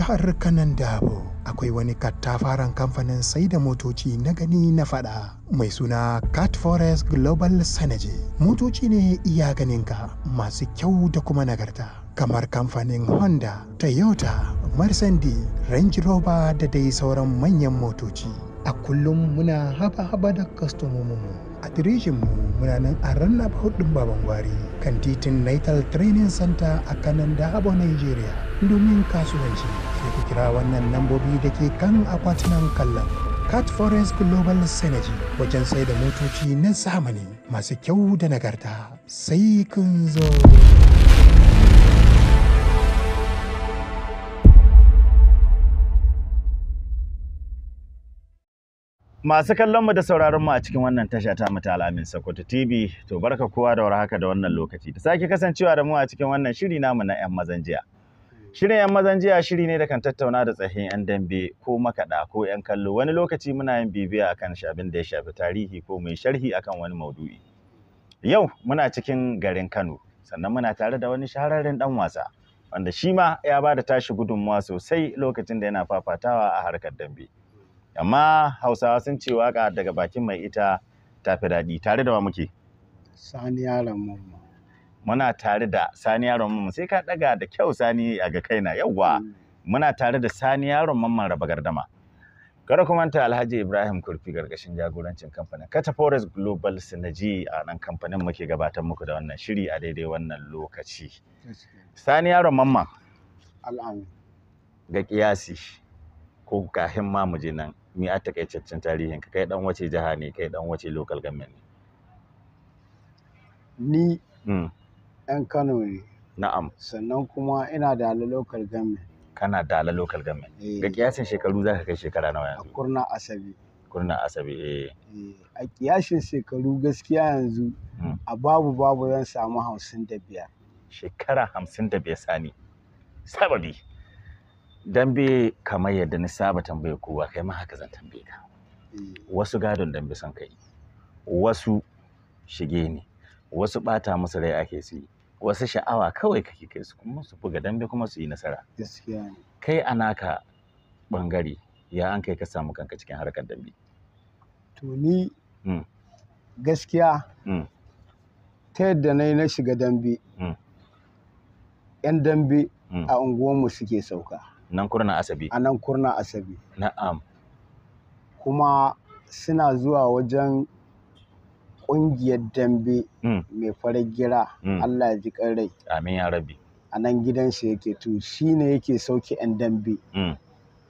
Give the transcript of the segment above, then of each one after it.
jihar kanan dabo akwai wani katafaren kamfanin sai da motoci na gani na fada mai suna cat forest global synergy motoci ne iya ganinka masu kyau da kuma nagarta kamar kamfanin honda toyota mercedes range rover da dai sauran manyan motoci a kullum muna haba-haba da kastomominmu a mu muna nan a ranar hudun baban kan titin naital training center a kanan dabo nigeria domin kasuwanci sai ku kira wannan lambobi da ke kan akwatunan kallon cat forest global synergy wajen sai da motoci na zamani masu kyau da nagarta sai kun zo Masu kallon mu da sauraron mu a cikin wannan tasha ta mu ta Alamin Sokoto TV, to barka kowa da warhaka da wannan lokaci. Da sake kasancewa da mu a cikin wannan shiri namu na 'yan mazan jiya. Shirin 'yan mazan jiya shiri ne da kan tattauna da tsahin 'yan dambe ko makaɗa ko 'yan kallo wani lokaci muna yin bibiya akan abin da ya shafi tarihi ko mai sharhi akan wani maudu'i. Yau muna cikin garin Kano sannan muna tare da wani shahararren ɗan wasa wanda shi ma ya ba da tashi gudunmawa sosai lokacin da yana fafatawa a harkar dambe. Amma Hausawa sun ce waƙa daga bakin mai ita tafi daɗi tare da wa muke. Sani Yaron Mamman. muna tare da sani yaron mamman sai ka daga da kyau sani a ga kaina yauwa hmm. muna tare da sani yaron mamman raba gardama kada kuma ta alhaji ibrahim kurfi gargashin jagorancin kamfanin kata forest global synergy a nan kamfanin muke gabatar muku da wannan shiri a daidai wannan lokaci sani yaron mamman ga kiyasi ko kahin ma mu je nan mi a takaitaccen tarihin kai dan wace jiha ne kai dan wace local government ne ni hmm. ɗan Kano ne. Na'am. Sannan kuma ina da local government. Kana da local government. Eh. Ga kiyasin shekaru za ka kai shekara nawa yanzu? A kurna Asabe. Kurna Asabe eh. eh a kiyasin shekaru gaskiya yanzu hmm. a babu babu zan samu hamsin da biyar. Shekara hamsin da biyar sani. Sababi. Dambe kamar yadda ni saba tambaye kowa kai ma haka zan tambaye ka. Eh. Wasu gadon dambe son kai. Wasu shige ne. Wasu bata musu rai ake su yi. wasu sha'awa kawai kake kai su kuma su buga dambe kuma su yi nasara kai a naka bangare ya an kai ka samu kanka cikin harkar dambe to ni mm. gaskiya mm. ta yadda na yi na shiga dambe yan mm. dambe a unguwanmu suke sauka nan kurna asabi a nan kurna asabi na'am kuma suna zuwa wajen ƙungiyar dambe hmm. mai farar gira hmm. Allah ya ji rai. Amin ya rabi. A nan gidansa yake to shi ne yake sauke 'yan dambe. Hmm.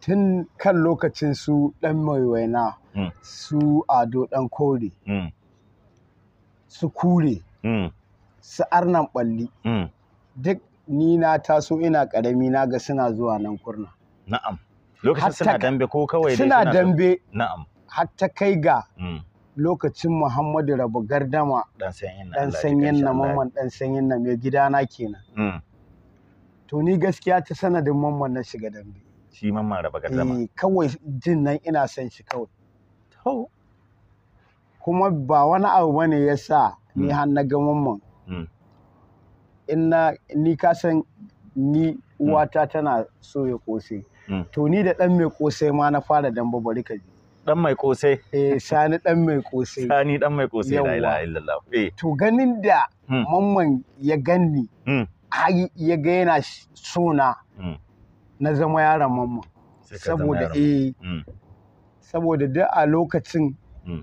Tun kan lokacin su ɗan mai waina su ado ɗan kore su kure su arnan ɓalli duk ni na taso ina ƙarami na ga suna zuwa nan kurna. Na'am. Lokacin suna dambe ko kawai dai suna dambe. Na'am. Har ta kai ga lokacin Muhammadu Rabu Gardama dan sanyin na mamman dan sanyin na mai gidana kenan. Mm. To ni gaskiya ta sanadin mamman na shiga dambe. Shi mamman Rabu Gardama. Eh, kawai jin nan ina son shi kawai. Kuma ba wani abu bane ya sa ni mm. har na ga mamman. Mm. Ina ni ka san ni uwata tana so ya kose. To ni da dan mai kose ma na fara dambe, bari ka dan mai kosai eh sani dan mai kosai sani dan mai kosai la ilaha illallah eh to ganin da hmm. mamman ya ganni hmm. ai ya ga yana sona hmm. na zama yaron mamman saboda eh saboda duk a lokacin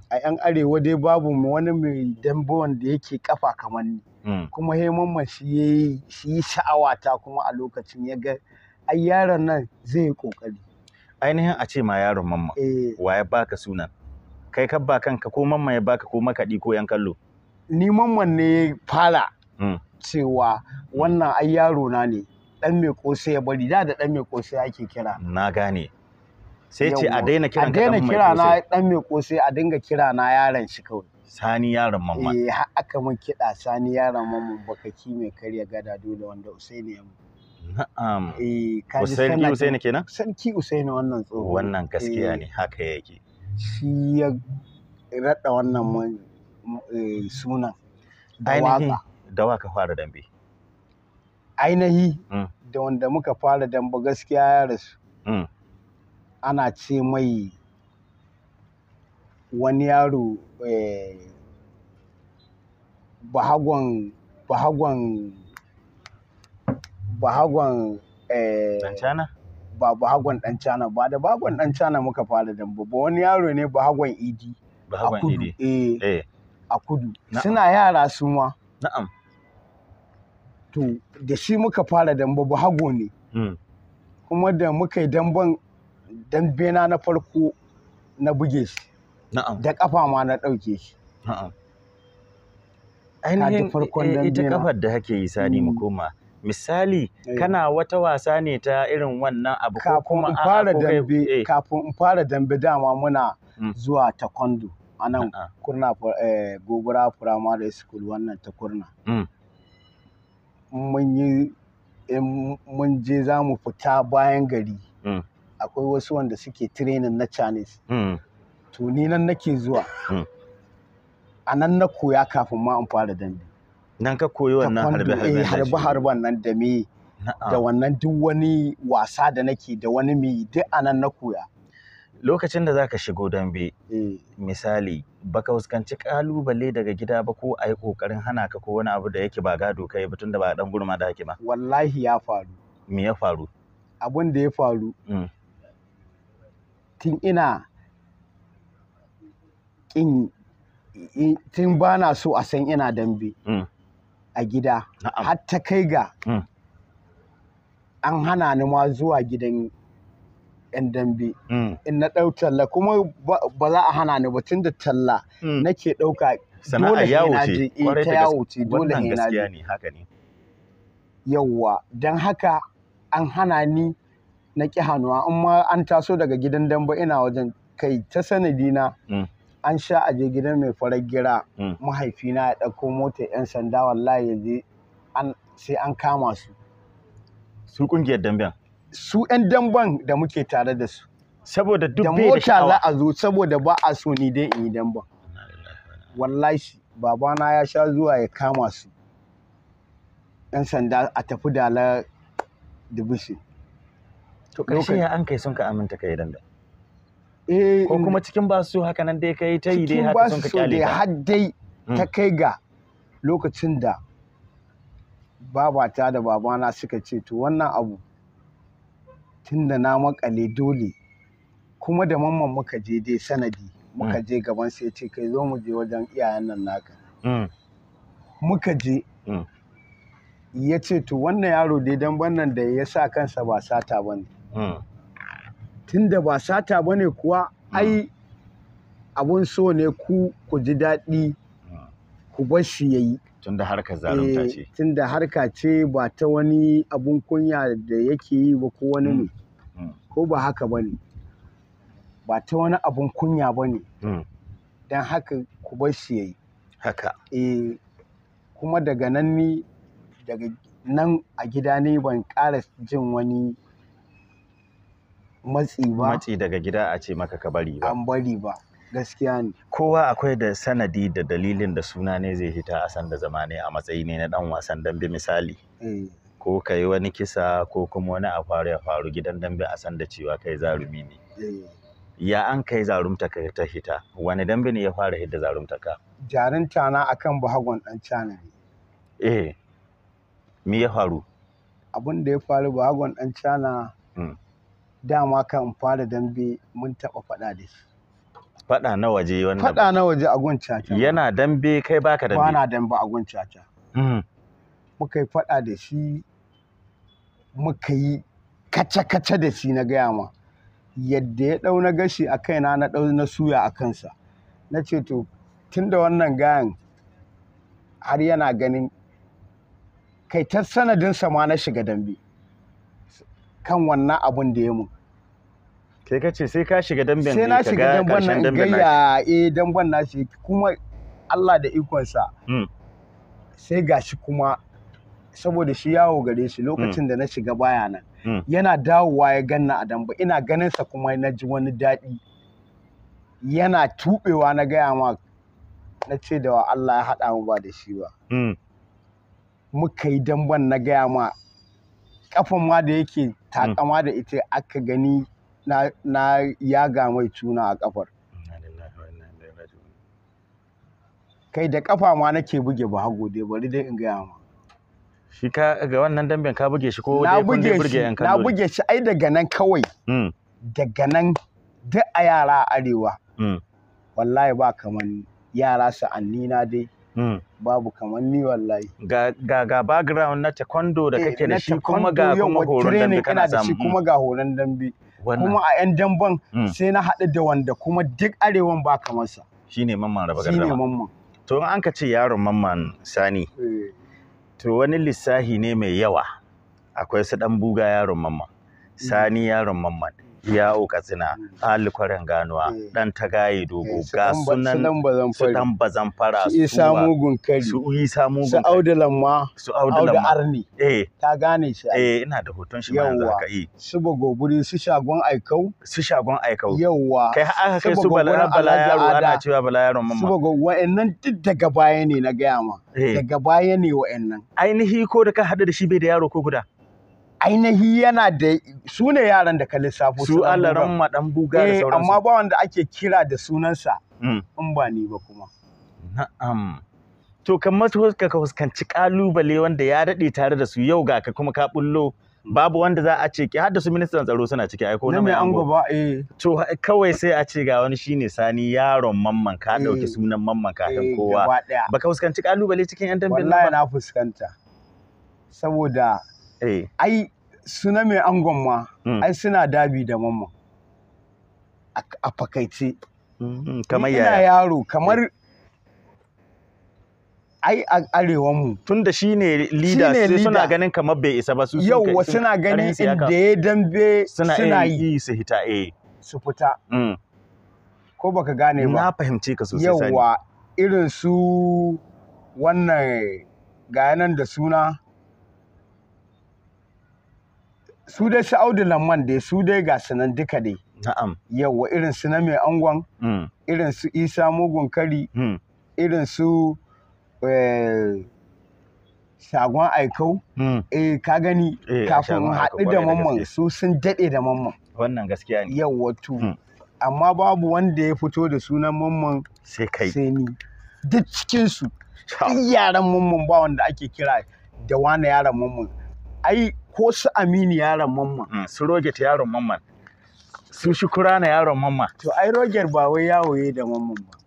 a yan arewa dai babu wani mai dambo da yake kafa kamar ni kuma he mamman shi yayi shi sha'awata kuma a lokacin ya ga ai yaron nan zai yi kokari ainihin a ce ma yaron mamma eh. wa ya baka sunan kai ka ba kanka ko mamma ya baka ko makaɗi ko yan kallo ni mamman ne fara hmm. cewa wannan ai yaro na ne dan mai kosai ya bari da da dan mai kosai ake kira na gane sai ce a daina kiran ka daina kira na dan mai kosai a dinga kira na yaron shi kawai sani yaron mamman eh har aka mun kiɗa sani yaron mamman baka ki mai karya gada dole wanda usaini ya mutu Na'am. Eh Usaini Usaini kenan? Sarki Usaini wannan tsoho. Wannan gaskiya ne eh, haka yake. Shi ya raɗa wannan eh, sunan. Ainihi da waka fara dambe. Ainihi mm. da wanda muka fara dambe gaskiya ya rasu. Mm. Ana ce mai wani yaro eh, bahagon bahagon bahagon eh, Dancana? ba bahagon Dancana ba da bahagon Dancana muka fara dambe ba wani yaro ne bahagon idi bahagon idi eh, eh. a kudu suna yara su ma na'am to da shi muka fara dambe bahago ne hmm. kuma da muka yi damban dambe na na farko na buge shi na'am da kafa ma na ɗauke shi na'am ainihin eh, ita kafar da hake yi sani mu hmm. koma misali kana wata wasa ne ta irin wannan abu ko kuma a fara dambe eh. kafin in fara dambe dama muna mm. zuwa taekwondo a nan kurna eh, gobara primary school wannan ta kurna mm. mun yi mun je za mu fita bayan gari mm. akwai wasu wanda suke training na chinese to ni nan nake zuwa a nan na koya kafin ma in fara dambe nan ka koyi wannan harbe harbe harben nan da me da wannan duk wani wasa da nake da wani mi duk anan na koya lokacin da zaka shigo dambe eh. misali baka fuskanci kalubale daga gida ba ko yi kokarin hana ka ko wani abu da yake ba gado kai ba tunda ba dan gurma da hake ba wallahi ya faru me ya faru abin da ya faru mm. tun ina kin tun bana so a san ina dambe mm. a gida har ta kai ga hmm. an hana ni ma zuwa gidan yan dambe hmm. in na ɗau talla kuma ba za a hana ni ba tun da talla hmm. nake ɗauka dole ce ji eh, ta yawo ce dole ne na ji yawwa don haka an hana ni na ƙi hannuwa in ma an taso daga gidan dambe ina wajen kai ta sanadina an sha aje gidan mai farar gira hmm. mahaifina ya ɗauko mota yan sanda wallahi ya je sai an kama su su kungiyar damben su yan damben da muke tare da su saboda duk da mota za a zo saboda ba a so ni dai in yi damben wallahi babana ya sha zuwa ya kama su yan sanda a tafi dala shi. to ƙarshen ya an kai sun ka aminta kai damben Eh, ko kuma mm. cikin ba su haka nan dai kai ta yi dai haka sun ka kyale ta har dai ta mm. kai ga lokacin da babata da babana suka ce to wannan abu tunda na makale dole kuma da mamman muka je dai sanadi muka mm. je gaban sai ce kai zo mu je wajen iyayen nan naka muka je ya ce to wannan yaro dai dan bannan da ya sa kansa ba sata ba ne tunda ba sata ba ne kuwa hmm. ai abun so ne ku ku ji daɗi hmm. ku bar shi ya yi. Tunda harka zalunta eh, ce. Tunda harka ce ba ta wani abun kunya da yake yi ba ko wani hmm. ne. Ko ba haka ba ne. Ba ta wani abun kunya ba ne. Don haka ku bar shi ya yi. Haka. Eh, kuma daga nan ni daga nan a gida ne ban ƙara jin wani matsi ba matsi daga gida a ce maka ka bari ba an bari ba gaskiya ne kowa akwai da sanadi da dalilin da suna ne zai hita a sanda zamane a matsayi ne na dan wasan dambe misali eh. ko ka yi wani kisa ko kuma wani a faru ya faru gidan dambe a sanda cewa kai zarumi ne eh. ya an kai zarumta ka ta hita wani dambe ne ya fara hidda zarumta ka jarin tana akan bahagon dan cana ne eh me ya faru abin da ya faru bahagon dan cana hmm. dama kan fara dambe mun taɓa faɗa da shi faɗa na waje wannan? faɗa na waje a gun caca yana dambe kai baka dambe bana dambe a gun caca mm. muka yi faɗa da shi muka yi kace-kace da shi na gaya ma yadda ya ɗau na gashi a kaina na ɗau na suya a kansa na ce to tun da wannan gayan har yana ganin kai ta sanadinsa ma na shiga dambe kan wannan abun da ya mun Sai ka ce sai ka shiga dambe sai na shiga dambe nan gayya eh dambe na shi kuma Allah da ikonsa hmm. sai gashi kuma saboda shi yawo gare shi lokacin hmm. da na shiga baya nan hmm. yana dawowa ya ganna a damba ina ganin sa kuma na ji wani daɗi yana tubewa na gaya ma na ce da wa Allah ya haɗa mu ba da shi ba muka yi damban na gaya ma kafan ma da yake takama da ita aka gani na yaga mai tuna a kafar kai da kafa ma nake buge ba, hago dai bari dai in gaya ma shi ka ga wannan damben ka buge shi ko dai kun dai burge yan kallo na buge shi ai daga nan kawai hmm. daga nan duk a yara a arewa hmm. wallahi ba kaman yara sa'anni na dai hmm. babu kaman ni wallahi ga ga ga background na taekwondo da eh, kake da shi kuma ga kuma horon dambe kana samu kuma ga horon dambe kuma a 'yan damban mm. sai na haɗu da wanda kuma duk arewan ba kamar sa ne mamman raba gardama ne mamman to in an ka ce yaron mamman sani eh. to wani lissahi ne mai yawa akwai su dan buga yaron mamman mm. sani yaron mamman yawo katsina hmm. ali kwarin ganuwa hmm. dan tagaye dogo eh, ga sunan su bazan fara su isa mugun kari su isa mugun su auda lamma su auda arni eh ta gane shi eh ina da hoton shi ma za yi eh. su goburi, su shagon aikau su shagon aikau yawa kai aka kai su bala bala yaro ana cewa bala yaro mamma su go wa'annan duk daga baya ne na gaya ma eh. daga baya ne wa'annan ainihi ko da ka hada da shi bai da yaro ko guda ainihi yana da su ne yaran da ka lissafo su alaran madan buga da eh, sauransu amma ba wanda ake kira da sunansa mm. in ba ni ba kuma na'am to kamar ka fuskanci kalubale wanda ya daɗe tare da su yau ga ka kuma ka bullo mm. babu wanda za a ce ki har da su ministan tsaro suna ciki aiko na mai ango ba eh to kawai sai a ce ga wani shine sani yaron mamman ka dauki eh. sunan mamman ka kan eh, kowa baka fuskanci kalubale cikin yan dambe wallahi na fuskanta saboda Eh. ai suna mai angon ma mm. ai suna dabi da mamman a fakaice mm-hmm. kamar yaya yaro kamar eh. ai a arewanmu tun da shi ne leader sai suna ganin kamar bai isa ba su wa suna ganin inda ya dambe suna yi su hita eh su fita mm. ko baka gane ba na fahimce ka sosai yauwa irin su wannan ga nan da suna su dai su audu lamman dai su dai ga sanan duka dai na'am yawa irin su na mai angon hmm. irin su isa mugun kari hmm. irin su eh, shagon aikau hmm. eh ka gani eh, kafin haɗu da mamman su sun daɗe da mamman wannan gaskiya ne yawa tu amma babu wanda ya fito da sunan mamman sai kai sai ni duk cikinsu yaran mamman ba wanda ake kira da wani yaran mamman ai ko su amini yaron mamman hmm. su roget yaron mamman su shukura yaron mamman to ai roget ba wai yi da mamman ba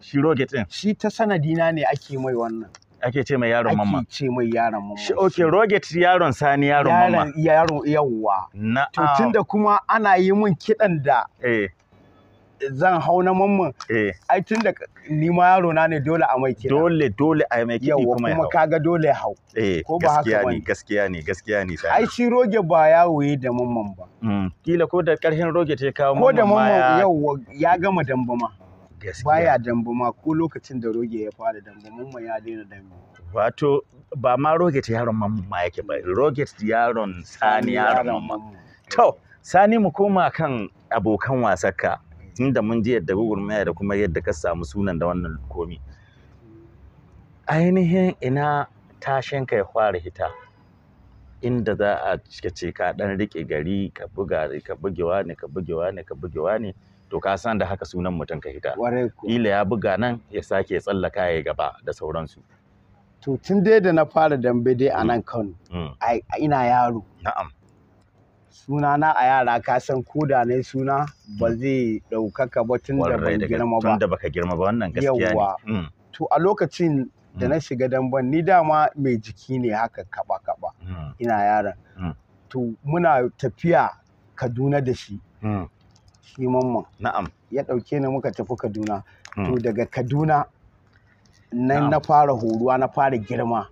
shi roget din shi ta sanadina ne ake mai wannan ake ce mai yaron mamma ake ce mai yaron mamma shi oke roget yaron sani yaron mamma yaron yawwa na to da kuma ana yi mun kidan da eh zan hau na mamman eh. ai tun da ma yaro na ne dole a mai kiɗa dole dole a mai kiɗi kuma kuma kaga dole ya hau eh, ko ba haka ba gaskiya ne gaskiya ne ai shi roge ba ya waye da mamman ba mm. kila ko da ƙarshen roge ta kawo mamman ko da mamman yau ya gama dambama baya dambama ko lokacin da roge ya fara dambama mamman ya daina dambama wato ba ma roget yaron mamma yake ba roget yaron sani yaron mamma to sani mu koma kan abokan wasarka tunda mun ji yadda gugurmaya da kuma yadda ka samu sunan da wannan komi ainihin ina tashin ka ya fara hita inda za a cike ce ka dan rike gari ka buga ka bugewa ne ka bugewa ne ka bugewa ne to ka san da haka sunan mutum ka hita ila ya buga nan ya sake tsallaka ya gaba da sauransu to tun dai da na fara dambe dai a mm. nan Kano mm. ina yaro na'am sunana a yara ka san ko da ne suna ba hmm. zai ɗaukaka ba tun da ban girma ba. Tunda baka girma ba wannan gaskiya ne. Hmm. To a lokacin da hmm. na shiga damban ni dama mai jiki ne haka kaba kaba ina yaran. To muna tafiya Kaduna da shi. Shi mamman. Na'am. Ya ɗauke ni muka tafi Kaduna. To daga Kaduna nan na fara horuwa na fara girma.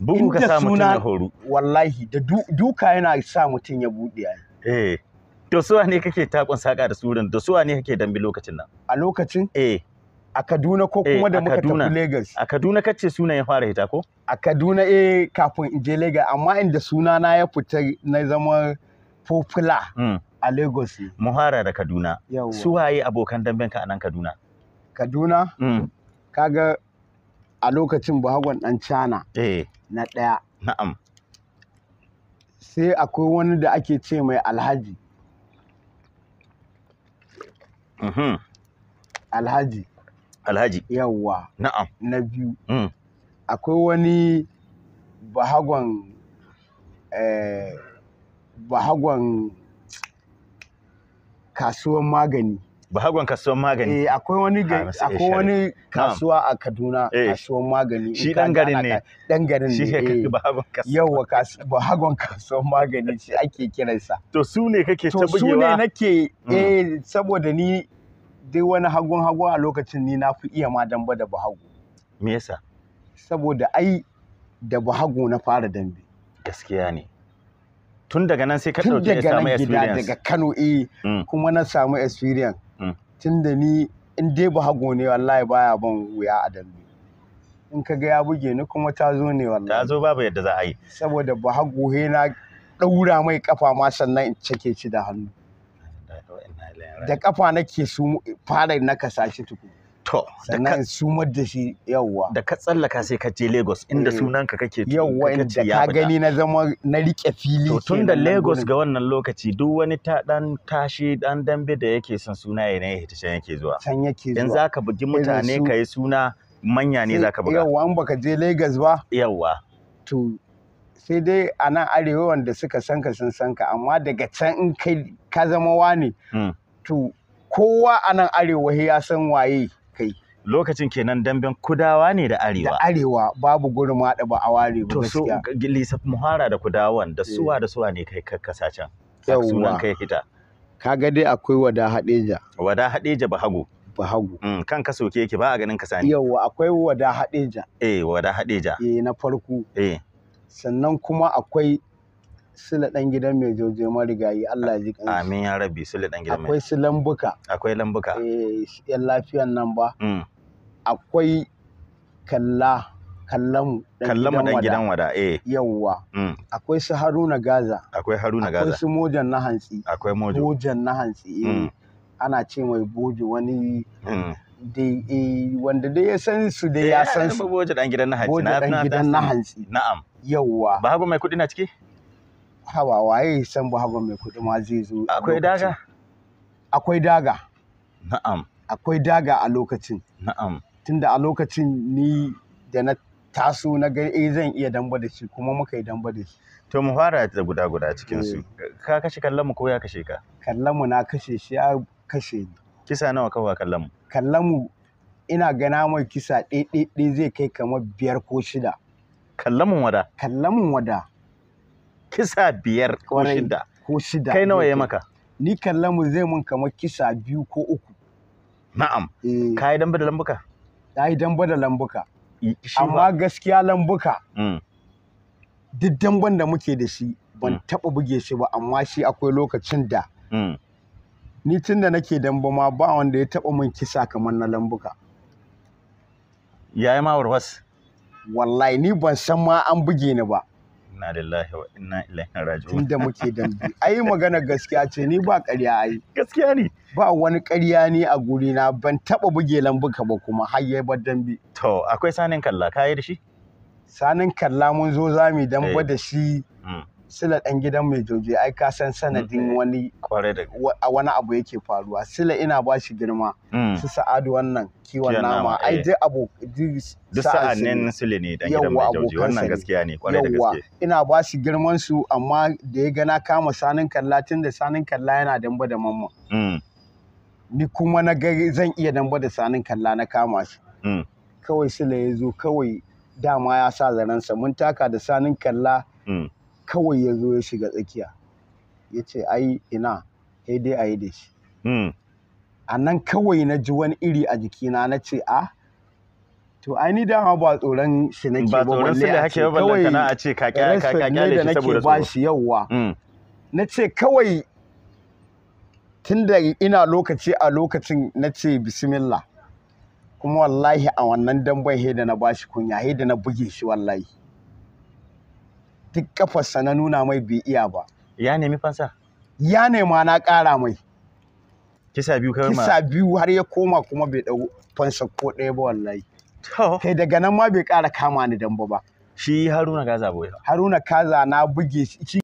bugu ka sa mutum ya horu wallahi da duka yana sa mutum ya buɗe eh to suwa ne kake takon saka da surin da suwa ne kake dambe lokacin nan a lokacin eh a Kaduna ko kuma eh, da muka tafi Lagos a Kaduna kace sunan ya fara hita ko a Kaduna eh kafin in je Lagos amma inda suna na ya fita na zama popular hmm. a Lagos muhara da Kaduna suwaye abokan damben ka a nan Kaduna Kaduna hmm. kaga a lokacin bahagon ɗan cana eh. na ɗaya na'am sai akwai wani da ake ce mai alhaji mhm. alhaji alhaji yawwa na'am na biyu mm. akwai wani bahagon eh, bahagon kasuwan magani bahagon kasuwan magani eh akwai wani ah, akwai wani kasuwa a Kaduna eh. kasuwan magani shi dan garin ne dan garin ne shi kake eh. bahagon kasuwa yawa bahagon kasuwan magani shi ake kiransa to su ne kake ta bugewa to su ne nake mm. eh saboda ni dai wani hagun hagun a lokacin ni na fi iya ma damba da bahago me yasa saboda ai da bahago na fara dambe gaskiya ne tun daga nan sai ka ɗauki ya samu experience daga Kano eh mm. kuma na samu experience Mm. Tun da ni in dai hago ne wallahi baya ban wuya a dambe. In ka ga ya buge ni kuma ta zo ne wallahi. Ta zo babu yadda za a yi. Saboda hago he na ɗaura mai kafa ma sannan in cake shi da hannu. Da kafa nake su fara naka sashi tukuna. To, sannan sumar da shi yawwa. Da ka tsallaka sai ka je Lagos inda eh. sunanka kake yawwa inda ka gani na zama na rike fili. To tun da Lagos ga wannan lokaci duk wani ta dan tashi dan dambe da yake son suna ya ne ta can yake zuwa. Can yake zuwa. In zaka bugi mutane ka yi suna manya ne zaka buga. Yawwa an baka je Lagos ba. Yawwa. To sai dai a nan arewa wanda suka san ka sun san ka amma daga can in kai ka zama wani. Hmm. To kowa a nan arewa ya san waye. lokacin kenan damben kudawa ne da arewa da arewa babu gurin da ba a ware ba gaskiya to muhara da kudawan da eh. suwa da suwa ne kai kakkasa can Yawwa, kai hita kaga dai akwai wada hadeja wada hadeja bahago bahago mm, kan ka soke yake ba a ganin ka sani Yawwa akwai wada hadeja eh wada hadeja eh na farko eh sannan kuma akwai sula ɗan gidan mai jojo marigayi Allah ji kan amin ya rabbi sula ɗan gidan mai akwai sulan buka akwai lambuka eh yan lafiyan nan ba mm. akwai kalla kallamu kallamu dan gidan wada eh yawwa mm. akwai su haruna gaza akwai haruna gaza akwai su mojan na hantsi akwai mojo mojan na hantsi eh mm. ana ce mai bojo wani mm. dai eh, wanda dai ya san su dai ya eh, san su bojo dan gidan na hantsi Na dan gidan na hantsi na'am yawwa babu mai kudi na ciki hawa waye san babu mai kudi ma zai zo akwai daga akwai daga na'am akwai daga a lokacin na'am tunda a lokacin ni da na taso na ga eh zan iya damba da shi kuma muka yi damba da shi to mu fara da guda guda cikin su eh. ka kashe kallon mu ko ya kashe ka kallon mu na kashe shi ya kashe ni kisa nawa kawa kallon mu kallon mu ina gana mai kisa ɗaiɗaiɗai zai kai kamar biyar ko shida kallon mu wada kallon mu wada kisa biyar ko shida ko shida kai nawa ya maka ni kallon mu zai mun kamar kisa biyu ko uku na'am eh. ka yi damba da lambuka ya yi damba da lambuka amma gaskiya lambuka mm. duk damban da muke da shi ban mm. taɓa buge shi ba amma shi akwai lokacin da mm. ni tun da nake damba ma ba wanda ya taɓa min kisa kamar na lambuka yayi ma wallahi ni ban san ma an buge ni ba inna lillahi wa inna ilaihi raji'un tunda muke dambe ai magana gaskiya ce ni ba ƙarya ai gaskiya ne ba wani ƙarya ne a guri na ban taba buge lambuka ba kuma har yayi ba dambe to akwai sanin kalla kayi da shi sanin kalla mun zo zami dan ba eh. da shi mm. sila ɗan gidan mai jojo ai ka san sanadin mm. wani wani abu yake faruwa sila ina ba shi girma mm. su sa'adu wannan kiwon nama ai eh. duk abu duk sa'anin sila ne ɗan gidan mai jojo wannan gaskiya ne kwarai da gaske ina ba shi girman su amma da ya gana kama sanin kalla tun da sanin kalla yana damba da mamma mm. ni kuma na ga zan iya damba da sanin kalla na kama shi kawai sila ya zo kawai dama ya sa zaransa mun taka da sanin kalla kawai ya zo ya shiga tsakiya ya ce ai ina sai dai a yi da shi hmm. a nan kawai na ji wani iri a jikina na ce a to ai ni dama ba tsoron shi nake ba tsoron shi da hake ba ballantana a ce ka kyale shi saboda ba shi hmm. na ce kawai tun da ina lokaci a lokacin na ce bismillah kuma wallahi a wannan damben da na bashi kunya da na buge shi wallahi duk kafarsa na nuna mai bai iya ba ya nemi fansa ya nema na ƙara mai kisa biyu kawai kisa biyu har ya koma kuma bai dau fansa ko ɗaya ba wallahi kai daga nan ma bai ƙara kama ni damba ba shi haruna kaza boye haruna kaza na buge shi